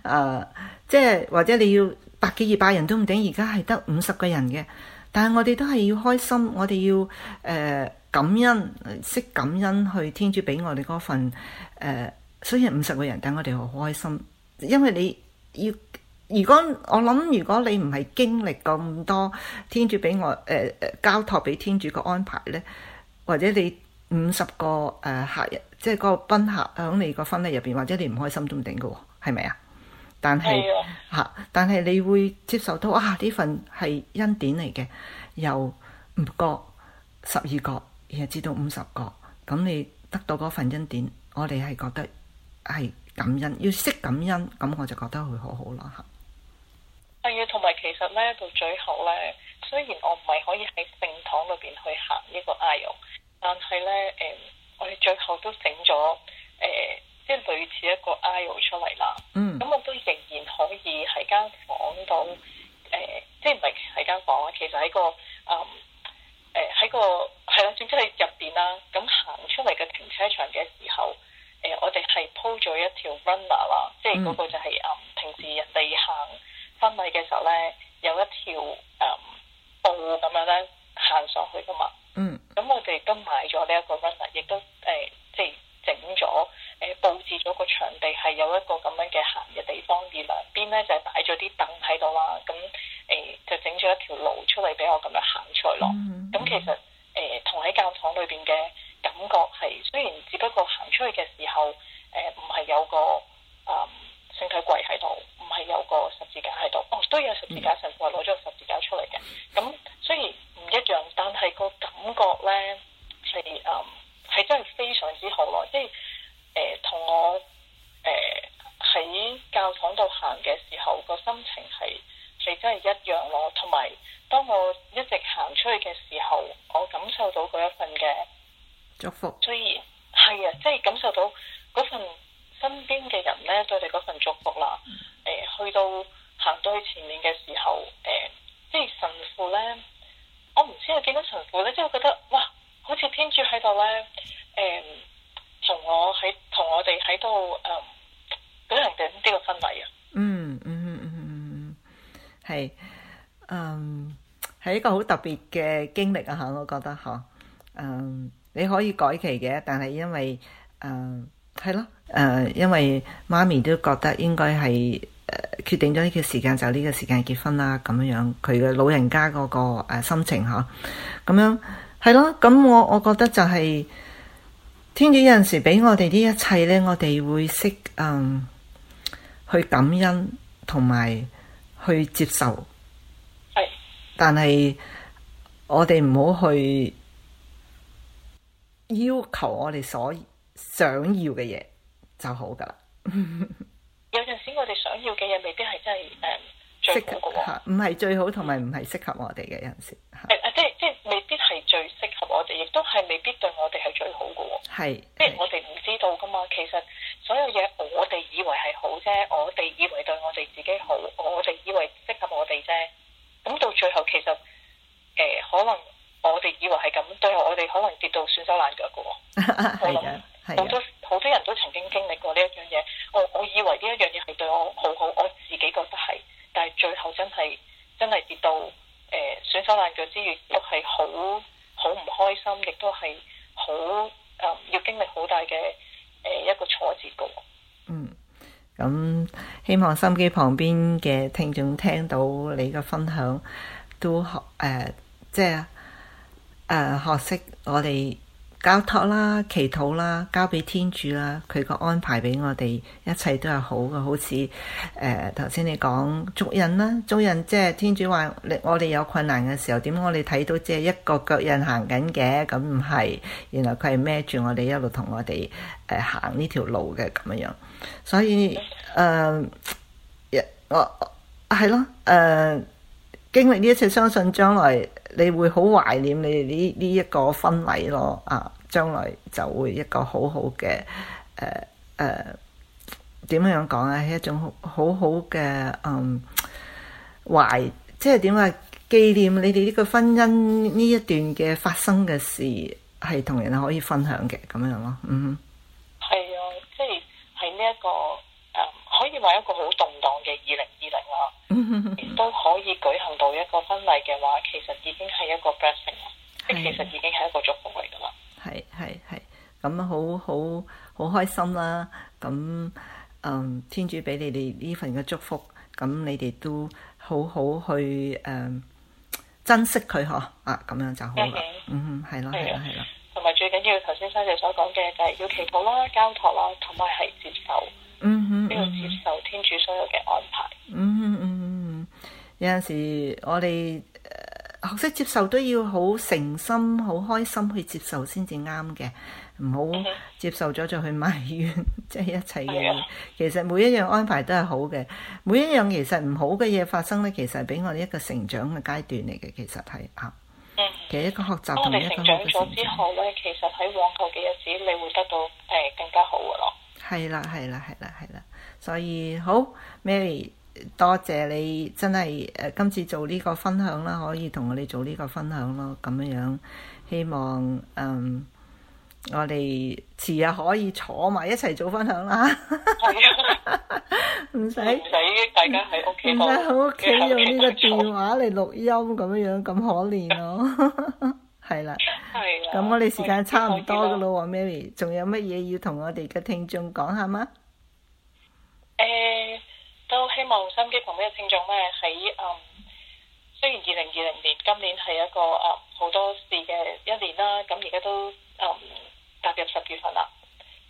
誒，即係或者你要百幾二百人都唔頂，而家係得五十個人嘅。但係我哋都係要開心，我哋要誒、呃、感恩，識感恩去天主俾我哋嗰份誒、呃，雖然五十個人，但我哋好開心，因為你要。如果我諗，如果你唔係經歷咁多天主俾我誒誒、呃、交託俾天主嘅安排咧，或者你五十個誒、呃、客人，即、就、係、是、個賓客響你個婚禮入邊，或者你唔開心都唔定㗎喎，係咪的啊？但係嚇，但係你會接受到啊！呢份係恩典嚟嘅，由五個、十二個，然後至到五十個，咁你得到嗰份恩典，我哋係覺得係感恩，要識感恩，咁我就覺得佢好好咯嚇。啊
係啊，同埋其實咧，到最後咧，雖然我唔係可以喺聖堂裏邊去行個呢個 aisle，但係咧誒，我哋最後都整咗誒，即、呃、係、就是、類似一個 aisle 出嚟啦。嗯。咁我都仍然可以喺間、呃就是、是房度誒，即係唔係喺間房啊？其實喺個誒喺、嗯呃、個係、就是、啦，總之係入邊啦。咁行出嚟嘅停車場嘅時候，誒、呃、我哋係鋪咗一條 runner 啦，即係嗰個就係、是、誒、嗯、平時人哋行。婚禮嘅時候咧，有一條誒布咁樣咧行上去噶嘛。嗯。咁、嗯、我哋都買咗呢一個 runner 亦都誒、呃、即係整咗誒、呃、佈置咗個場地，係有一個咁樣嘅行嘅地方。而兩邊咧就係擺咗啲凳喺度啦。咁誒、呃、就整咗一條路出嚟俾我咁樣行出去咯。咁、嗯嗯、其實誒同喺教堂裏邊嘅感覺係，雖然只不過行出去嘅時候誒唔係有個誒聖、呃、體櫃喺度。我係有個十字架喺度，哦，都有十字架神，甚至話攞咗個十字架出嚟嘅。咁雖然唔一樣，但係個感覺咧係誒係真係非常之好咯，即係誒同我誒喺、呃、教堂度行嘅時候、個心情係係真係一樣咯。同埋當我一直行出去嘅時候，我感受到嗰一份嘅祝福，雖然係啊，即係感受到嗰份身邊嘅人咧對你嗰份祝福啦。誒，去到行到去前面嘅時候，誒、嗯，即係神父咧，我唔知有幾多神父咧，即係我覺得哇，好似天主喺度咧，誒、嗯，同我喺同我哋喺度誒舉行緊呢個婚禮啊！嗯嗯嗯
嗯嗯，係，嗯，係、啊嗯嗯嗯嗯、一個好特別嘅經歷啊吓，我覺得吓，嗯，你可以改期嘅，但係因為，嗯，係咯，誒，因為媽咪都覺得應該係。決定咗呢個時間就呢個時間結婚啦，咁樣佢嘅老人家嗰、那個誒、啊、心情嗬，咁、啊、樣係咯，咁我我覺得就係、是、天主有陣時俾我哋呢一切咧，我哋會識嗯去感恩同埋去接受，係的，但係我哋唔好去要求我哋所想要嘅嘢就好噶啦。 (laughs)
有陣時我哋想要嘅嘢
未必係真係誒，唔係最好同埋唔係適合我哋嘅有陣時。
即係未必係最適合我哋，亦都係未必對我哋係最好嘅喎。係，即係我哋唔知道噶嘛。其實所有嘢我哋以為係好啫，我哋以為對我哋自己好，我哋以為適合我哋啫。咁到最後其實誒，可能我哋以為係咁，對我哋可能跌到損手爛腳嘅。
係啊，
好多。係好好唔開心，亦都
係好誒，要經歷好大嘅誒一個挫折嘅。嗯，咁希望收音機旁邊嘅聽眾聽到你嘅分享，都學誒、呃，即係誒、呃、學識我哋。交託啦，祈禱啦，交俾天主啦，佢個安排俾我哋，一切都係好嘅。好似誒，頭、呃、先你講足印啦，足印即係天主話，你我哋有困難嘅時候，點我哋睇到即係一個腳印行緊嘅，咁唔係，原來佢係孭住我哋一路同我哋誒、呃、行呢條路嘅咁樣樣。所以誒、呃，我係咯，誒、呃，經歷呢一切，相信將來。你會好懷念你哋呢呢一個婚禮咯啊，將來就會一個好好嘅誒誒，點樣講啊？係一種好好嘅嗯懷，即係點啊？紀念你哋呢個婚姻呢一段嘅發生嘅事，係同人可以分享嘅咁樣咯，嗯。係啊，即係
喺呢一個。要話一個好動盪嘅二零二零啦， (laughs) 都可以舉行到一個婚禮嘅話，其實已經係一個
blessing，
是即
係其實已經係一個祝福嚟噶嘛。係係係，咁好好好開心啦，啊！咁，嗯，天主俾你哋呢份嘅祝福，咁你哋都好好去誒、嗯，珍惜佢嗬啊！咁樣就好啦。 (laughs) 嗯，係咯，係咯，係咯。
同埋最緊要，頭先生姐所講嘅就係要祈禱啦，交託啦，同埋係接受。嗯哼、
嗯嗯嗯，要接受天主所有嘅安排。嗯嗯嗯，有陣時我哋學識接受都要好誠心、好開心去接受先至啱嘅。唔好接受咗就去埋怨，即 (laughs) 係一切嘅人、啊、其實每一樣安排都係好嘅，每一樣其實唔好嘅嘢發生咧，其實係俾我哋一個成長嘅階段嚟嘅。其實係啊，嗯嗯其實一個學習同一個成長咗之後咧，其實喺往後嘅日子你會
得到誒更加好嘅咯。
係啦，係啦，係啦，係啦，所以好，Mary，多謝你真係誒今次做呢個分享啦，可以同我哋做呢個分享咯，咁樣樣，希望誒、嗯、我哋遲日可以坐埋一齊做分享啦，唔使
唔使大家喺屋企，唔使喺屋企用
呢個電話嚟錄音咁樣樣，咁可憐咯。的 (laughs) 係啦，咁的我哋時間差唔多噶啦喎，Mary，仲有乜嘢要同我哋嘅聽眾講下嗎？
誒、呃，都希望心機旁邊嘅聽眾咧，喺誒、嗯，雖然二零二零年今年係一個誒好、嗯、多事嘅一年啦，咁而家都誒踏、嗯、入十月份啦，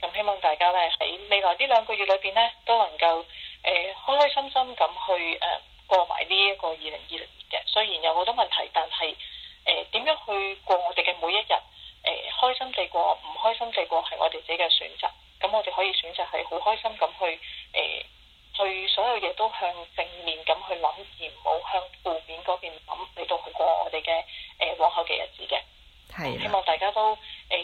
咁、嗯、希望大家咧喺未來呢兩個月裏邊呢，都能夠誒、嗯、開開心心咁去誒、嗯、過埋呢一個二零二零年嘅，雖然有好多問題，但係。誒，點樣、呃、去過我哋嘅每一日？誒、呃，開心地過，唔開心地過係我哋自己嘅選擇。咁我哋可以選擇係好開心咁去，誒、呃，去所有嘢都向正面咁去諗，而唔好向負面嗰邊諗嚟到去過我哋嘅誒往後嘅日子嘅。
係吧。希望
大家都誒、呃、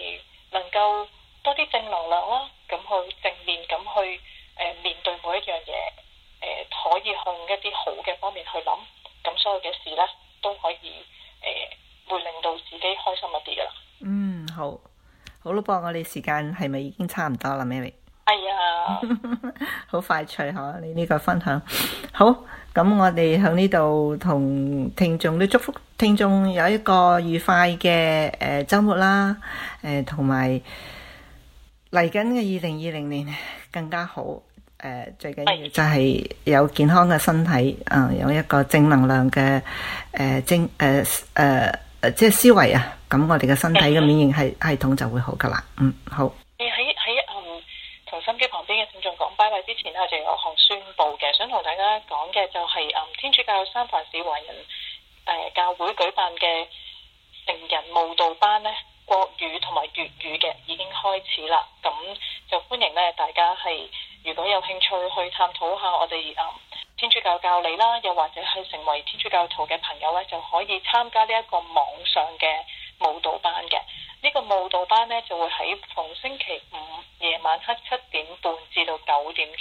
能夠多啲正能量啦，咁去正面咁去誒、呃、面對每一樣嘢，誒、呃、可以向一啲好嘅方面去諗，咁所有嘅事咧都可以誒。呃會
令到自己開心一啲噶。嗯，好，好啦，噃我哋時間係咪已經差唔多啦？Mary。係啊，好、哎、呀 (laughs) 快脆。嗬！你呢個分享。好，咁我哋響呢度同聽眾都祝福聽眾有一個愉快嘅誒周末啦。誒、呃，同埋嚟緊嘅二零二零年更加好。誒、呃，最緊要就係有健康嘅身體。啊的、嗯，有一個正能量嘅誒、呃、正誒誒。呃呃誒，即係思維啊，咁我哋嘅身體嘅免疫系系統就會好噶啦。嗯，好。你喺喺誒
同心機旁邊嘅聽眾講拜拜之前，我就有項宣布嘅，想同大家講嘅就係誒天主教三藩市華人誒教會舉辦嘅成人慕道班咧，國語同埋粵語嘅已經開始啦。咁就歡迎咧，大家係如果有興趣去探討下我哋誒。Pat 天主教教理啦，又或者係成為天主教徒嘅朋友咧，就可以參加呢一個網上嘅舞蹈班嘅。呢、這個舞蹈班咧就會喺逢星期五夜晚黑七點半至到九點鐘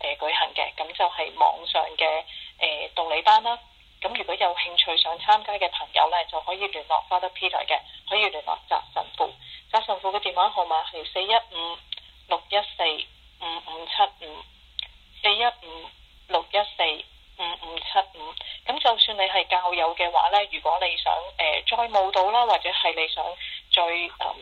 誒舉行嘅，咁就係網上嘅誒、呃、道理班啦。咁如果有興趣想參加嘅朋友咧，就可以聯絡花得 Peter 嘅，可以聯絡習神父。習神父嘅電話號碼係四一五六一四五五七五四一五，六一四五五七五，咁就算你係教友嘅話呢，如果你想誒、呃、再慕道啦，或者係你想再、呃、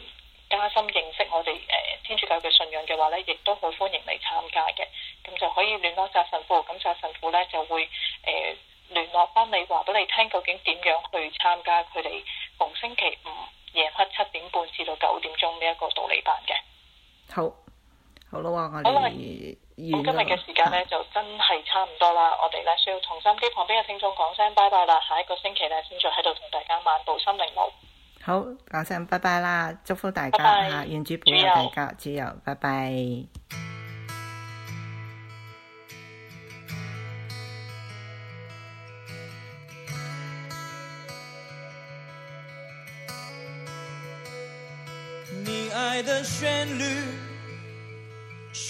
加深認識我哋誒、呃、天主教嘅信仰嘅話呢，亦都好歡迎你參加嘅。咁就可以聯絡扎神父，咁扎神父呢就會誒聯、呃、絡翻你，話俾你聽究竟點樣去參加佢哋逢星期五夜黑七點半至到九點鐘呢一個道理班嘅。
好。好啦，我哋我今日嘅
時間咧、嗯、就真係差唔多啦，嗯、我哋咧需要收音機旁邊嘅聽眾講聲拜拜啦，下一個星期咧先再喺度同大家漫步森林路。
好，講聲拜拜啦，祝福大家哈，願拜主保佑大家，主佑，主佑。拜拜。
你愛的旋律。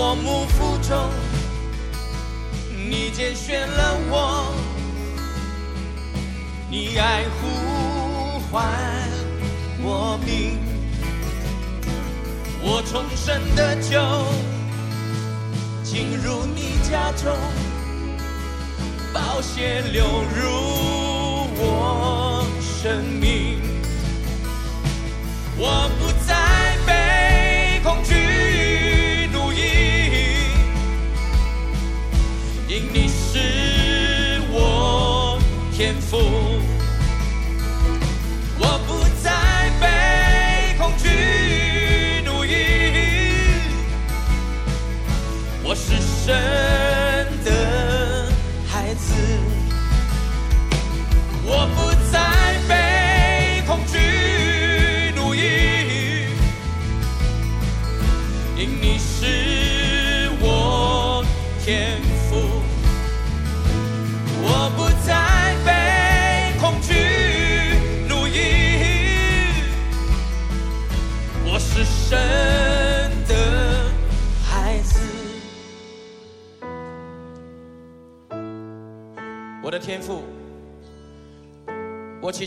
我母腹中，你揀選了我，你愛呼喚我名，我重生的酒進入你家中，寶血流入我生命，我不再被恐懼。天賦。